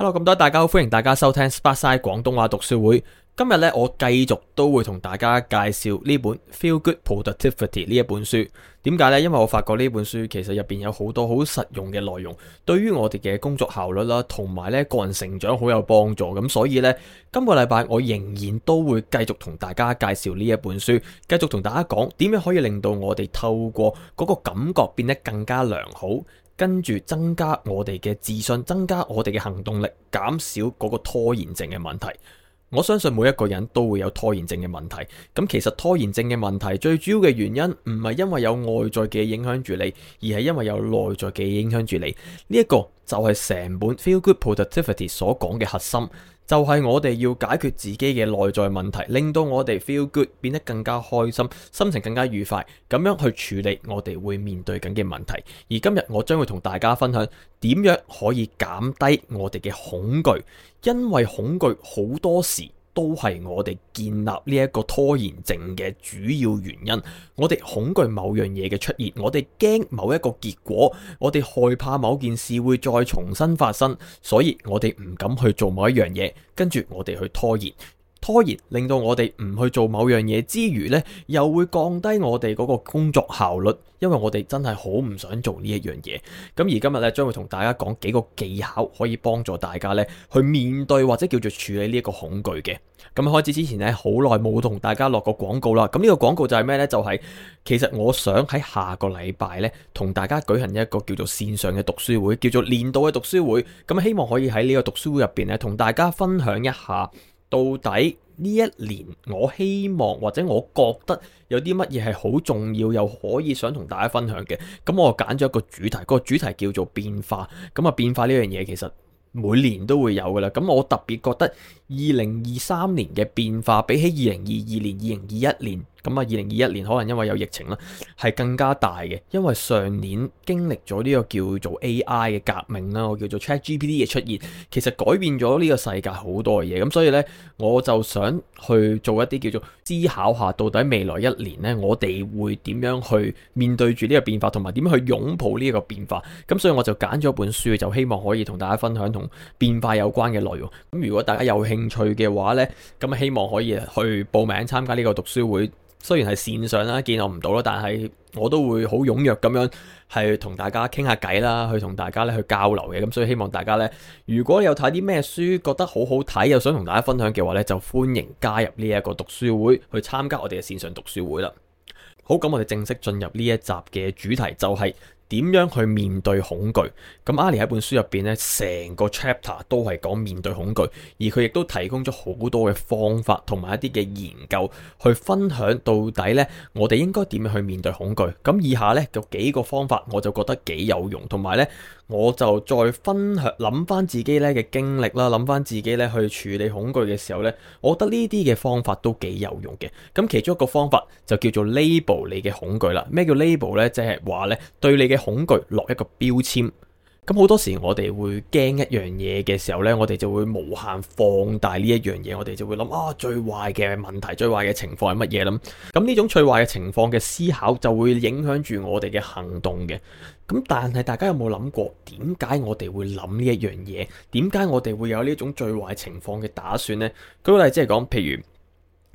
hello，咁多位大家好，歡迎大家收聽 Sparksine 廣東話讀書會。今日咧，我繼續都會同大家介紹呢本《Feel Good Productivity》呢一本書。點解呢？因為我發覺呢本書其實入邊有好多好實用嘅內容，對於我哋嘅工作效率啦、啊，同埋咧個人成長好有幫助。咁所以呢，今個禮拜我仍然都會繼續同大家介紹呢一本書，繼續同大家講點樣可以令到我哋透過嗰個感覺變得更加良好。跟住增加我哋嘅自信，增加我哋嘅行動力，減少嗰個拖延症嘅問題。我相信每一個人都會有拖延症嘅問題。咁其實拖延症嘅問題最主要嘅原因唔係因為有外在嘅影響住你，而係因為有內在嘅影響住你。呢一個就係整本 Feel Good Productivity 所講嘅核心。就係我哋要解決自己嘅內在問題，令到我哋 feel good，變得更加開心，心情更加愉快，咁樣去處理我哋會面對緊嘅問題。而今日我將會同大家分享點樣可以減低我哋嘅恐懼，因為恐懼好多時，都係我哋建立呢一個拖延症嘅主要原因。我哋恐懼某樣嘢嘅出現，我哋驚某一個結果，我哋害怕某件事會再重新發生，所以我哋唔敢去做某一樣嘢，跟住我哋去拖延。拖延令到我哋唔去做某樣嘢之餘呢，又會降低我哋嗰個工作效率，因為我哋真係好唔想做呢一樣嘢。咁而今日呢，將會同大家講幾個技巧，可以幫助大家呢去面對或者叫做處理呢一個恐懼嘅。咁、嗯、開始之前呢，好耐冇同大家落過廣告啦。咁、嗯、呢、這個廣告就係咩呢？就係、是、其實我想喺下個禮拜呢，同大家舉行一個叫做線上嘅讀書會，叫做年度嘅讀書會。咁、嗯、希望可以喺呢個讀書會入邊呢，同大家分享一下。到底呢一年，我希望或者我覺得有啲乜嘢係好重要又可以想同大家分享嘅，咁我揀咗一個主題，個主題叫做變化。咁啊，變化呢樣嘢其實每年都會有噶啦。咁我特別覺得二零二三年嘅變化比起二零二二年、二零二一年。咁啊，二零二一年可能因為有疫情啦，係更加大嘅。因為上年經歷咗呢個叫做 AI 嘅革命啦，我叫做 ChatGPT 嘅出現，其實改變咗呢個世界好多嘢。咁所以呢，我就想去做一啲叫做思考下，到底未來一年呢，我哋會點樣去面對住呢個變化，同埋點樣去擁抱呢個變化。咁所以我就揀咗本書，就希望可以同大家分享同變化有關嘅內容。咁如果大家有興趣嘅話呢，咁啊，希望可以去報名參加呢個讀書會。雖然係線上啦，見我唔到啦，但係我都會好踊躍咁樣，係同大家傾下偈啦，去同大家咧去交流嘅。咁所以希望大家呢，如果有睇啲咩書覺得好好睇，又想同大家分享嘅話呢，就歡迎加入呢一個讀書會，去參加我哋嘅線上讀書會啦。好，咁我哋正式進入呢一集嘅主題，就係、是。點樣去面對恐懼，咁 Ali 喺本書入邊咧，成個 chapter 都係講面對恐懼，而佢亦都提供咗好多嘅方法同埋一啲嘅研究去分享，到底咧我哋應該點樣去面對恐懼，咁以下咧就幾個方法，我就覺得幾有用，同埋咧我就再分享，諗翻自己咧嘅經歷啦，諗翻自己咧去處理恐懼嘅時候咧，我覺得呢啲嘅方法都幾有用嘅。咁其中一個方法就叫做 label 你嘅恐懼啦。咩叫 label 咧？即係話咧對你嘅恐懼落一個標籤，咁好多時我哋會驚一樣嘢嘅時候呢，我哋就會無限放大呢一樣嘢，我哋就會諗啊，最壞嘅問題、最壞嘅情況係乜嘢咁？咁呢種最壞嘅情況嘅思考，就會影響住我哋嘅行動嘅。咁但係大家有冇諗過，點解我哋會諗呢一樣嘢？點解我哋會有呢種最壞情況嘅打算呢？舉例，即係講，譬如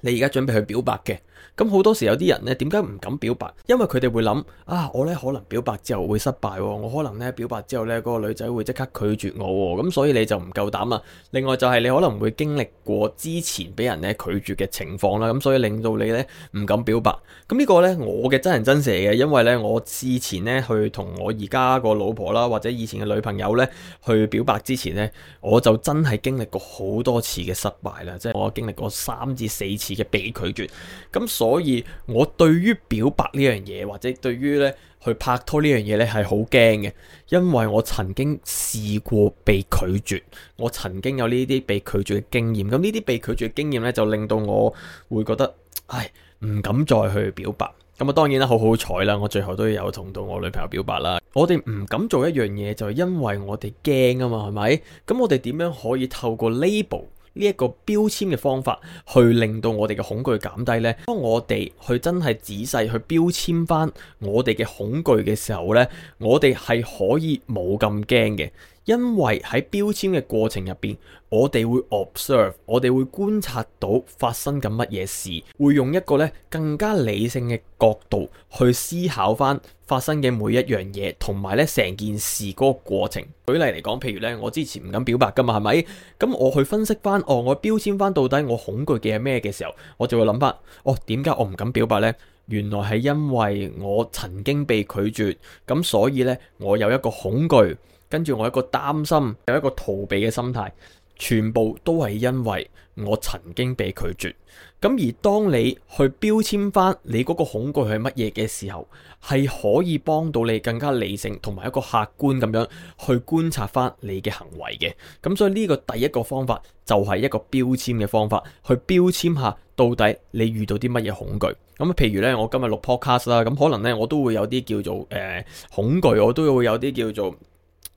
你而家準備去表白嘅。咁好多時有啲人呢點解唔敢表白？因為佢哋會諗啊，我呢可能表白之後會失敗喎，我可能呢，表白之後呢，嗰個女仔會即刻拒絕我喎，咁所以你就唔夠膽啊。另外就係你可能會經歷過之前俾人呢拒絕嘅情況啦，咁所以令到你呢唔敢表白。咁呢個呢，我嘅真人真事嚟嘅，因為呢，我之前呢去同我而家個老婆啦，或者以前嘅女朋友呢去表白之前呢，我就真係經歷過好多次嘅失敗啦，即係我經歷過三至四次嘅被拒絕。咁所以我對於表白呢樣嘢，或者對於咧去拍拖呢樣嘢咧，係好驚嘅，因為我曾經試過被拒絕，我曾經有呢啲被拒絕嘅經驗。咁呢啲被拒絕嘅經驗咧，就令到我會覺得，唉，唔敢再去表白。咁啊，當然啦，好好彩啦，我最後都有同到我女朋友表白啦。我哋唔敢做一樣嘢，就係因為我哋驚啊嘛，係咪？咁我哋點樣可以透過 label，呢一個標籤嘅方法，去令到我哋嘅恐懼減低呢，當我哋去真係仔細去標籤翻我哋嘅恐懼嘅時候呢，我哋係可以冇咁驚嘅。因為喺標籤嘅過程入邊，我哋會 observe，我哋會觀察到發生緊乜嘢事，會用一個咧更加理性嘅角度去思考翻發生嘅每一樣嘢，同埋咧成件事嗰個過程。舉例嚟講，譬如咧我之前唔敢表白噶嘛，係咪？咁我去分析翻，哦，我標籤翻到底我恐懼嘅係咩嘅時候，我就會諗翻，哦，點解我唔敢表白呢？原來係因為我曾經被拒絕，咁所以呢，我有一個恐懼。跟住我一個擔心，有一個逃避嘅心態，全部都係因為我曾經被拒絕。咁而當你去標籤翻你嗰個恐懼係乜嘢嘅時候，係可以幫到你更加理性同埋一個客觀咁樣去觀察翻你嘅行為嘅。咁所以呢個第一個方法就係一個標籤嘅方法，去標籤下到底你遇到啲乜嘢恐懼。咁啊，譬如咧，我今日錄 podcast 啦，咁可能咧我都會有啲叫做誒、呃、恐懼，我都會有啲叫做。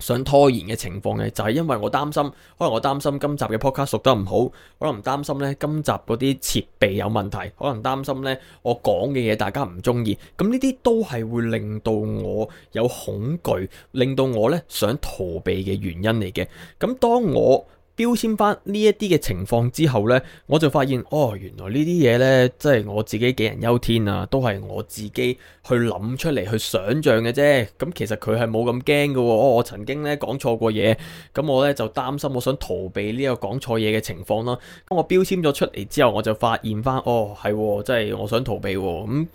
想拖延嘅情況嘅就係因為我擔心，可能我擔心今集嘅 podcast 熟得唔好，可能擔心呢今集嗰啲設備有問題，可能擔心呢我講嘅嘢大家唔中意，咁呢啲都係會令到我有恐懼，令到我呢想逃避嘅原因嚟嘅。咁當我標籤翻呢一啲嘅情況之後呢，我就發現哦，原來呢啲嘢呢，即係我自己杞人憂天啊，都係我自己去諗出嚟去想像嘅啫。咁其實佢係冇咁驚嘅喎。我曾經呢講錯過嘢，咁我呢就擔心，我想逃避呢個講錯嘢嘅情況囉。咁我標籤咗出嚟之後，我就發現翻哦，係、哦，即係我想逃避喎、哦、咁。嗯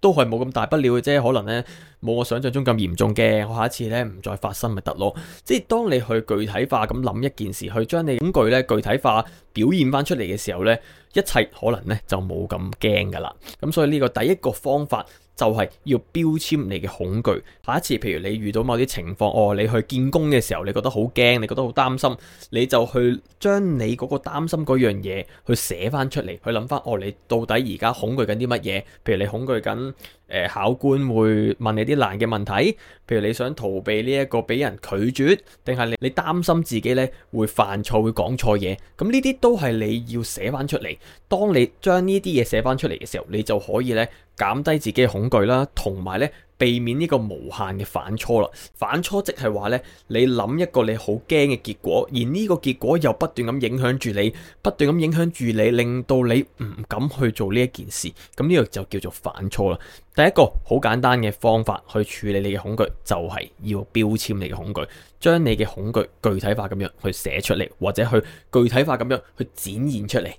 都係冇咁大不了嘅啫，可能呢，冇我想象中咁嚴重嘅，我下一次呢，唔再發生咪得咯。即係當你去具體化咁諗一件事，去將你咁句呢具體化表現翻出嚟嘅時候呢，一切可能呢就冇咁驚噶啦。咁所以呢個第一個方法，就係要標籤你嘅恐懼。下一次，譬如你遇到某啲情況，哦，你去見工嘅時候，你覺得好驚，你覺得好擔心，你就去將你嗰個擔心嗰樣嘢，去寫翻出嚟，去諗翻，哦，你到底而家恐懼緊啲乜嘢？譬如你恐懼緊誒、呃、考官會問你啲難嘅問題，譬如你想逃避呢一個俾人拒絕，定係你你擔心自己呢會犯錯會講錯嘢？咁呢啲都係你要寫翻出嚟。當你將呢啲嘢寫翻出嚟嘅時候，你就可以呢。減低自己嘅恐懼啦，同埋咧避免呢個無限嘅反芻啦。反芻即係話咧，你諗一個你好驚嘅結果，而呢個結果又不斷咁影響住你，不斷咁影響住你，令到你唔敢去做呢一件事。咁、這、呢個就叫做反芻啦。第一個好簡單嘅方法去處理你嘅恐懼，就係要標籤你嘅恐懼，將你嘅恐懼具，具體化咁樣去寫出嚟，或者去具體化咁樣去展現出嚟。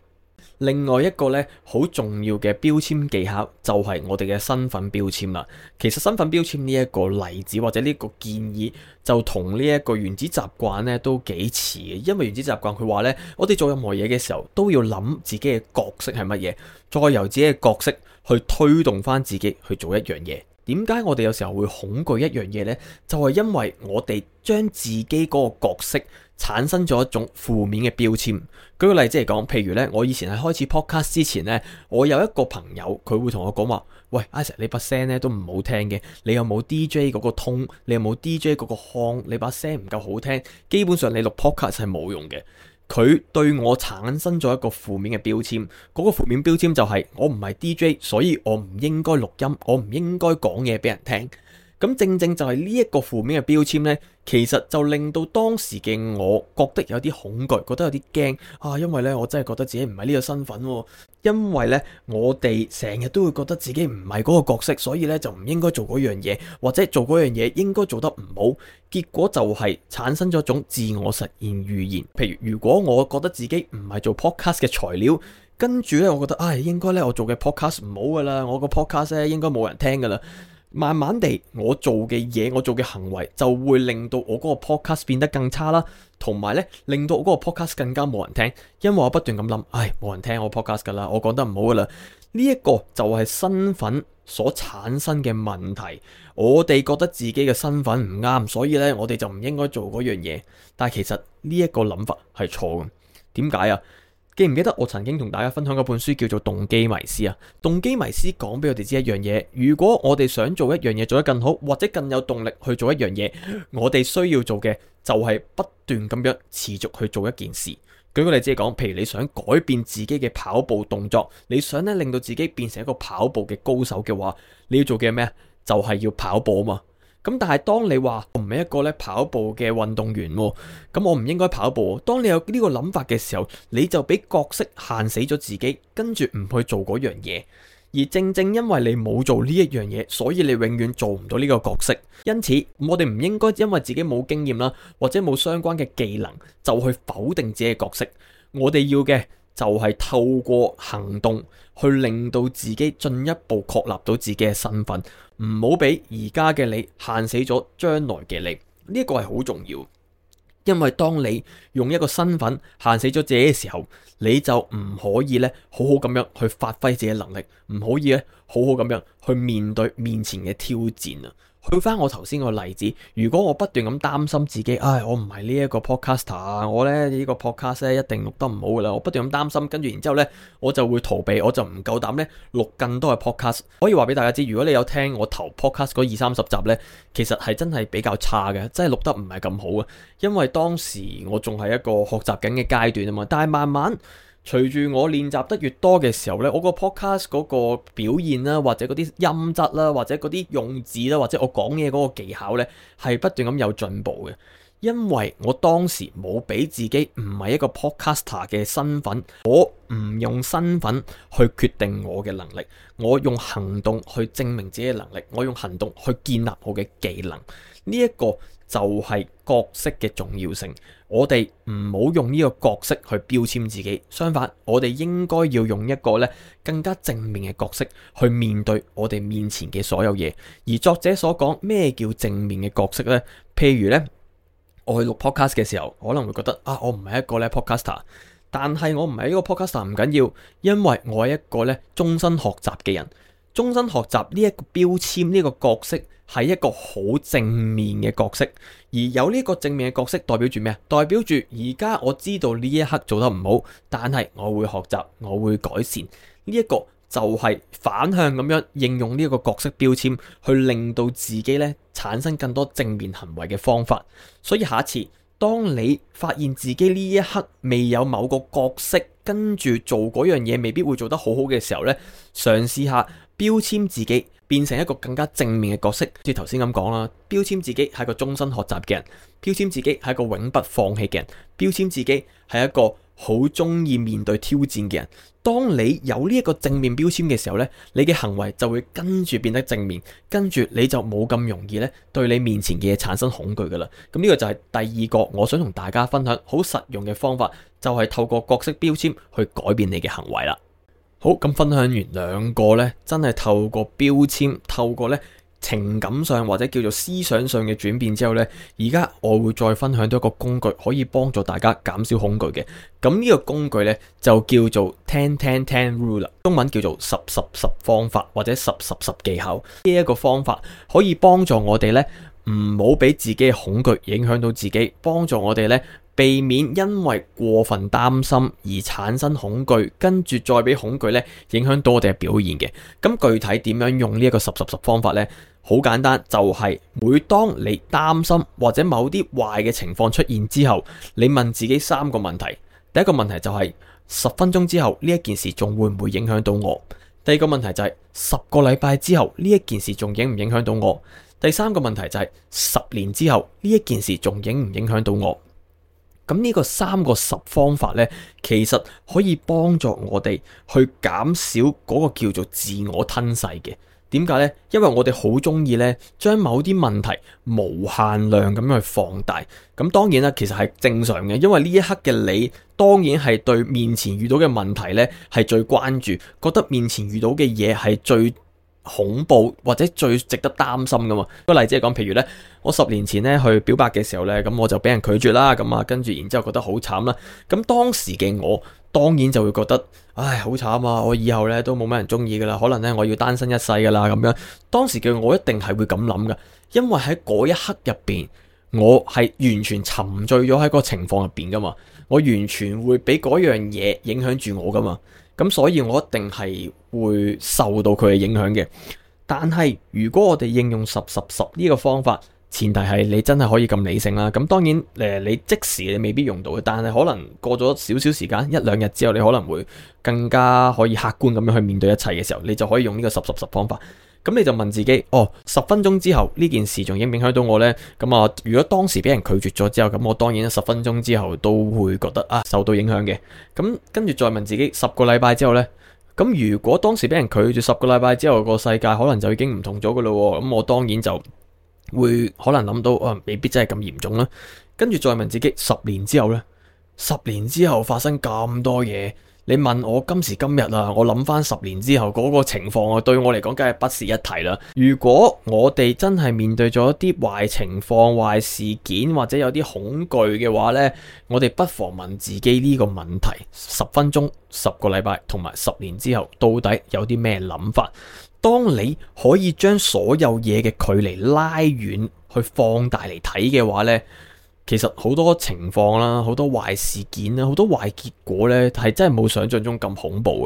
另外一個咧好重要嘅標籤技巧就係我哋嘅身份標籤啦。其實身份標籤呢一個例子或者呢個建議就同呢一個原子習慣咧都幾似嘅，因為原子習慣佢話咧，我哋做任何嘢嘅時候都要諗自己嘅角色係乜嘢，再由自己嘅角色去推動翻自己去做一樣嘢。點解我哋有時候會恐懼一樣嘢呢？就係因為我哋將自己嗰個角色產生咗一種負面嘅標籤。舉個例子嚟講，譬如呢，我以前係開始 podcast 之前呢，我有一個朋友，佢會同我講話：喂，阿成，你把聲咧都唔好聽嘅，你有冇 DJ 嗰個 tone？你有冇 DJ 嗰個腔？你把聲唔夠好聽，基本上你錄 podcast 係冇用嘅。佢對我產生咗一個負面嘅標籤，嗰、那個負面標籤就係、是、我唔係 DJ，所以我唔應該錄音，我唔應該講嘢俾人聽。咁正正就係呢一個負面嘅標籤呢，其實就令到當時嘅我覺得有啲恐懼，覺得有啲驚啊！因為呢，我真係覺得自己唔係呢個身份喎、啊。因為呢，我哋成日都會覺得自己唔係嗰個角色，所以呢，就唔應該做嗰樣嘢，或者做嗰樣嘢應該做得唔好。結果就係產生咗一種自我實現預言。譬如如果我覺得自己唔係做 podcast 嘅材料，跟住呢，我覺得唉、哎，應該呢，我做嘅 podcast 唔好㗎喇，我個 podcast 呢應該冇人聽㗎喇。慢慢地我，我做嘅嘢，我做嘅行為，就會令到我嗰個 podcast 變得更差啦，同埋呢，令到我嗰個 podcast 更加冇人聽，因為我不斷咁諗，唉，冇人聽我 podcast 噶啦，我講得唔好噶啦，呢一個就係身份所產生嘅問題，我哋覺得自己嘅身份唔啱，所以呢，我哋就唔應該做嗰樣嘢，但係其實呢一個諗法係錯嘅，點解啊？記唔記得我曾經同大家分享過本書叫做《動機迷思》啊？動機迷思講俾我哋知一樣嘢：如果我哋想做一樣嘢做得更好，或者更有動力去做一樣嘢，我哋需要做嘅就係不斷咁樣持續去做一件事。舉個例子嚟講，譬如你想改變自己嘅跑步動作，你想咧令到自己變成一個跑步嘅高手嘅話，你要做嘅咩？就係要跑步啊嘛！咁但係當你話我唔係一個咧跑步嘅運動員喎，咁我唔應該跑步。當你有呢個諗法嘅時候，你就俾角色限死咗自己，跟住唔去做嗰樣嘢。而正正因為你冇做呢一樣嘢，所以你永遠做唔到呢個角色。因此，我哋唔應該因為自己冇經驗啦，或者冇相關嘅技能，就去否定自己嘅角色。我哋要嘅就係透過行動去令到自己進一步確立到自己嘅身份，唔好俾而家嘅你限死咗將來嘅你。呢一個係好重要，因為當你用一個身份限死咗自己嘅時候，你就唔可以咧好好咁樣去發揮自己能力，唔可以咧好好咁樣去面對面前嘅挑戰啊！去翻我頭先個例子，如果我不斷咁擔心自己，唉，我唔係呢一個 podcaster，我咧呢個 podcast 一定錄得唔好噶啦，我不斷咁擔心，跟住然之後呢，我就會逃避，我就唔夠膽呢錄更多嘅 podcast。可以話俾大家知，如果你有聽我頭 podcast 嗰二三十集呢，其實係真係比較差嘅，真係錄得唔係咁好啊，因為當時我仲係一個學習緊嘅階段啊嘛，但係慢慢。隨住我練習得越多嘅時候呢，我個 podcast 嗰個表現啦，或者嗰啲音質啦，或者嗰啲用字啦，或者我講嘢嗰個技巧呢，係不斷咁有進步嘅。因為我當時冇俾自己唔係一個 podcaster 嘅身份，我唔用身份去決定我嘅能力，我用行動去證明自己嘅能力，我用行動去建立我嘅技能。呢一個就係角色嘅重要性，我哋唔好用呢個角色去標籤自己。相反，我哋應該要用一個咧更加正面嘅角色去面對我哋面前嘅所有嘢。而作者所講咩叫正面嘅角色呢？譬如呢，我去錄 podcast 嘅時候，可能會覺得啊，我唔係一個咧 podcaster，但係我唔係一個 podcaster 唔緊要，因為我係一個咧終身學習嘅人。終身學習呢一個標籤呢個角色。係一個好正面嘅角色，而有呢個正面嘅角色代，代表住咩？代表住而家我知道呢一刻做得唔好，但係我會學習，我會改善。呢、這、一個就係反向咁樣應用呢一個角色標籤，去令到自己呢產生更多正面行為嘅方法。所以下次，下一次當你發現自己呢一刻未有某個角色跟住做嗰樣嘢，未必會做得好好嘅時候，呢嘗試下標籤自己。變成一個更加正面嘅角色，即係頭先咁講啦。標籤自己係個終身學習嘅人，標籤自己係一個永不放棄嘅人，標籤自己係一個好中意面對挑戰嘅人。當你有呢一個正面標籤嘅時候呢，你嘅行為就會跟住變得正面，跟住你就冇咁容易咧對你面前嘅嘢產生恐懼噶啦。咁呢個就係第二個我想同大家分享好實用嘅方法，就係透過角色標籤去改變你嘅行為啦。好，咁分享完兩個呢，真係透過標籤，透過呢情感上或者叫做思想上嘅轉變之後呢，而家我會再分享到一個工具，可以幫助大家減少恐懼嘅。咁呢個工具呢，就叫做 ten ten ten ruler，中文叫做十十十方法或者十十十技巧。呢一個方法可以幫助我哋呢，唔好俾自己嘅恐懼影響到自己，幫助我哋呢。避免因為過分擔心而產生恐懼，跟住再俾恐懼咧影響到我哋嘅表現嘅。咁具體點樣用呢一個十十十方法呢？好簡單，就係每當你擔心或者某啲壞嘅情況出現之後，你問自己三個問題。第一個問題就係十分鐘之後呢一件事仲會唔會影響到我？第二個問題就係十個禮拜之後呢一件事仲影唔影響到我？第三個問題就係十年之後呢一件事仲影唔影響到我？咁呢個三個十方法呢，其實可以幫助我哋去減少嗰個叫做自我吞噬嘅。點解呢？因為我哋好中意呢，將某啲問題無限量咁樣去放大。咁當然啦，其實係正常嘅，因為呢一刻嘅你當然係對面前遇到嘅問題呢係最關注，覺得面前遇到嘅嘢係最恐怖或者最值得擔心㗎嘛。個例子係講，譬如呢，我十年前呢去表白嘅時候呢，咁我就俾人拒絕啦。咁啊，跟住然之後覺得好慘啦。咁當時嘅我當然就會覺得，唉，好慘啊！我以後呢，都冇乜人中意㗎喇，可能呢，我要單身一世㗎喇咁樣。當時嘅我一定係會咁諗㗎，因為喺嗰一刻入邊，我係完全沉醉咗喺個情況入邊㗎嘛，我完全會俾嗰樣嘢影響住我㗎嘛。咁所以我一定係會受到佢嘅影響嘅，但係如果我哋應用十十十呢個方法，前提係你真係可以咁理性啦。咁當然誒，你即時你未必用到嘅，但係可能過咗少少時間，一兩日之後，你可能會更加可以客觀咁樣去面對一切嘅時候，你就可以用呢個十十十方法。咁你就問自己，哦，十分鐘之後呢件事仲影響到我呢？咁啊，如果當時俾人拒絕咗之後，咁我當然十分鐘之後都會覺得啊，受到影響嘅。咁跟住再問自己，十個禮拜之後呢？咁如果當時俾人拒絕，十個禮拜之後個世界可能就已經唔同咗嘅啦。咁我當然就會可能諗到啊，未必真係咁嚴重啦。跟住再問自己，十年之後呢？十年之後發生咁多嘢。你問我今時今日啊，我諗翻十年之後嗰個情況啊，對我嚟講梗係不值一提啦。如果我哋真係面對咗啲壞情況、壞事件，或者有啲恐懼嘅話呢，我哋不妨問自己呢個問題：十分鐘、十個禮拜、同埋十年之後，到底有啲咩諗法？當你可以將所有嘢嘅距離拉遠，去放大嚟睇嘅話呢。其實好多情況啦，好多壞事件啦，好多壞結果呢，係真係冇想象中咁恐怖啊！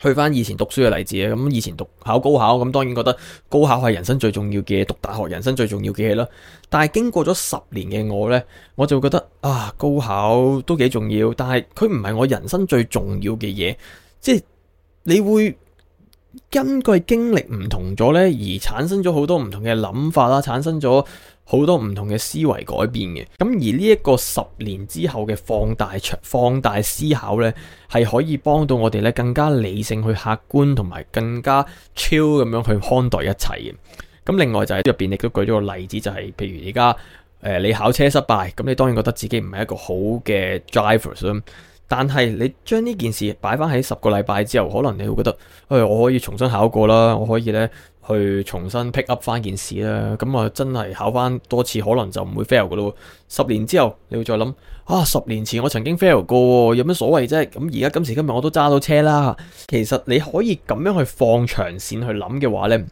去返以前讀書嘅例子咧，咁以前讀考高考，咁當然覺得高考係人生最重要嘅嘢，讀大學人生最重要嘅嘢啦。但係經過咗十年嘅我呢，我就覺得啊，高考都幾重要，但係佢唔係我人生最重要嘅嘢，即係你會根據經歷唔同咗呢，而產生咗好多唔同嘅諗法啦，產生咗。好多唔同嘅思維改變嘅，咁而呢一個十年之後嘅放大出放大思考呢，係可以幫到我哋呢更加理性去客觀同埋更加超咁樣去看待一切嘅。咁另外就係入邊亦都舉咗個例子，就係、是、譬如而家誒你考車失敗，咁你當然覺得自己唔係一個好嘅 driver 啦。但係你將呢件事擺翻喺十個禮拜之後，可能你會覺得，誒、哎，我可以重新考過啦，我可以呢去重新 pick up 翻件事啦。咁啊，真係考翻多次，可能就唔會 fail 噶咯。十年之後，你會再諗，啊，十年前我曾經 fail 過，有乜所謂啫？咁而家今時今日我都揸到車啦。其實你可以咁樣去放長線去諗嘅話呢，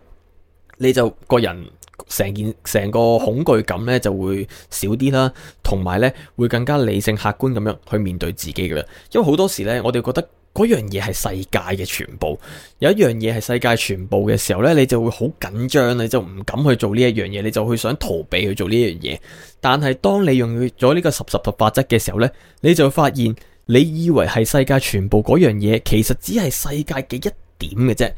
你就個人。成件成個恐懼感咧就會少啲啦，同埋咧會更加理性客觀咁樣去面對自己㗎喇。因為好多時咧，我哋覺得嗰樣嘢係世界嘅全部，有一樣嘢係世界全部嘅時候咧，你就會好緊張，你就唔敢去做呢一樣嘢，你就去想逃避去做呢樣嘢。但係當你用咗呢個十十十法則嘅時候咧，你就會發現你以為係世界全部嗰樣嘢，其實只係世界嘅一點嘅啫。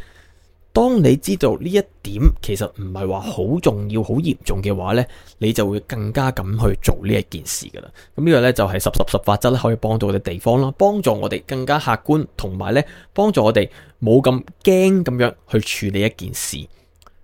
當你知道呢一點其實唔係話好重要、好嚴重嘅話呢，你就會更加咁去做呢一件事噶啦。咁呢個呢，就係十十十法則咧，可以幫到我哋地方啦，幫助我哋更加客觀，同埋呢，幫助我哋冇咁驚咁樣去處理一件事。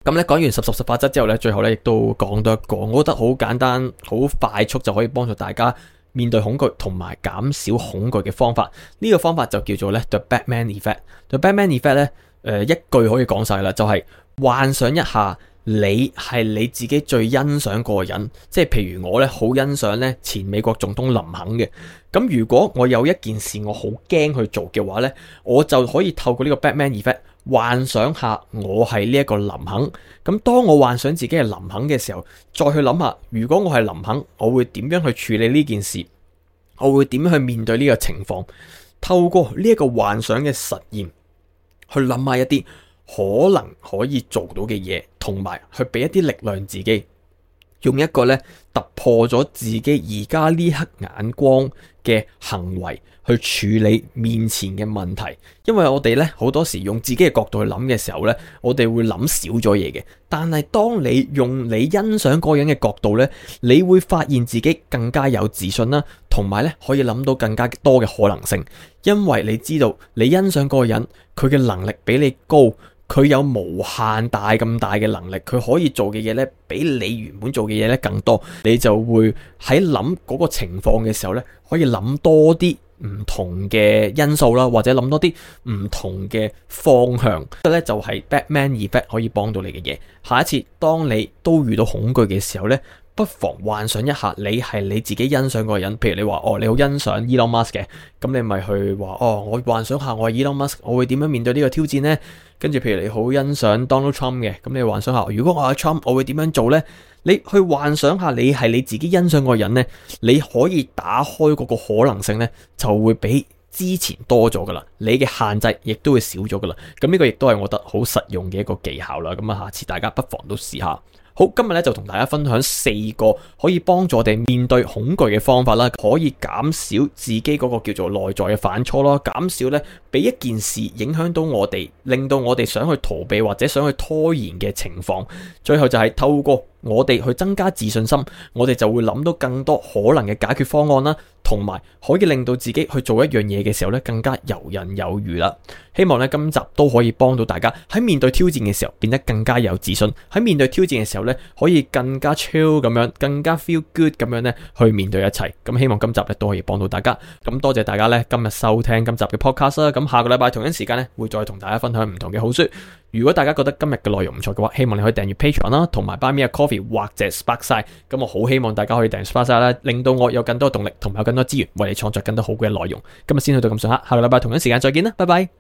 咁呢，講完十十十法則之後呢，最後呢亦都講多一個，我覺得好簡單、好快速就可以幫助大家面對恐懼同埋減少恐懼嘅方法。呢個方法就叫做呢 The Batman Effect。The Batman Effect 呢。誒、呃，一句可以講晒啦，就係、是、幻想一下你係你自己最欣賞嘅人，即係譬如我咧，好欣賞咧前美國總統林肯嘅。咁如果我有一件事我好驚去做嘅話呢，我就可以透過呢個 Batman effect 幻想下我係呢一個林肯。咁當我幻想自己係林肯嘅時候，再去諗下如果我係林肯，我會點樣去處理呢件事？我會點樣去面對呢個情況？透過呢一個幻想嘅實驗。去諗下一啲可能可以做到嘅嘢，同埋去俾一啲力量自己，用一個呢突破咗自己而家呢刻眼光嘅行為去處理面前嘅問題。因為我哋呢好多時用自己嘅角度去諗嘅時候呢，我哋會諗少咗嘢嘅。但係當你用你欣賞嗰樣嘅角度呢，你會發現自己更加有自信啦。同埋咧，可以諗到更加多嘅可能性，因為你知道你欣賞嗰個人，佢嘅能力比你高，佢有無限大咁大嘅能力，佢可以做嘅嘢咧比你原本做嘅嘢咧更多，你就會喺諗嗰個情況嘅時候咧，可以諗多啲唔同嘅因素啦，或者諗多啲唔同嘅方向，即係咧就係 Batman Effect 可以幫到你嘅嘢。下一次當你都遇到恐懼嘅時候咧。不妨幻想一下，你係你自己欣賞嗰個人。譬如你話哦，你好欣賞 Elon Musk 嘅，咁你咪去話哦，我幻想下我係 Elon Musk，我會點樣面對呢個挑戰呢？跟住譬如你好欣賞 Donald Trump 嘅，咁你幻想下，如果我係 Trump，我會點樣做呢？你去幻想下你係你自己欣賞嗰個人呢，你可以打開嗰個可能性呢，就會比之前多咗噶啦。你嘅限制亦都會少咗噶啦。咁呢個亦都係我覺得好實用嘅一個技巧啦。咁啊，下次大家不妨都試下。好，今日咧就同大家分享四個可以幫助我哋面對恐懼嘅方法啦，可以減少自己嗰個叫做內在嘅反挫咯，減少咧俾一件事影響到我哋，令到我哋想去逃避或者想去拖延嘅情況。最後就係透過我哋去增加自信心，我哋就會諗到更多可能嘅解決方案啦。同埋可以令到自己去做一樣嘢嘅時候咧，更加遊刃有餘啦。希望咧今集都可以幫到大家喺面對挑戰嘅時候，變得更加有自信；喺面對挑戰嘅時候咧，可以更加超咁樣，更加 feel good 咁樣咧去面對一切。咁希望今集咧都可以幫到大家。咁多謝大家咧今日收聽今集嘅 podcast 啦、啊。咁下個禮拜同一時間咧會再同大家分享唔同嘅好書。如果大家覺得今日嘅內容唔錯嘅話，希望你可以訂閱 Patreon 啦、啊，同埋 Buy Me A Coffee 或者 Sparksine。咁我好希望大家可以訂閱 Sparksine 啦，令到我有更多動力，同埋有更多資源為你創作更多好嘅內容。今日先去到咁上下，下個禮拜同樣時間再見啦，拜拜。